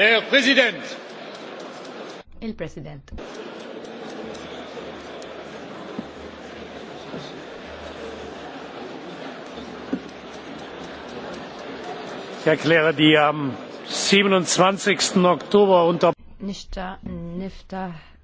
il President. Il-President. Ich erkläre die am 27. Oktober unter Nixta niftaħ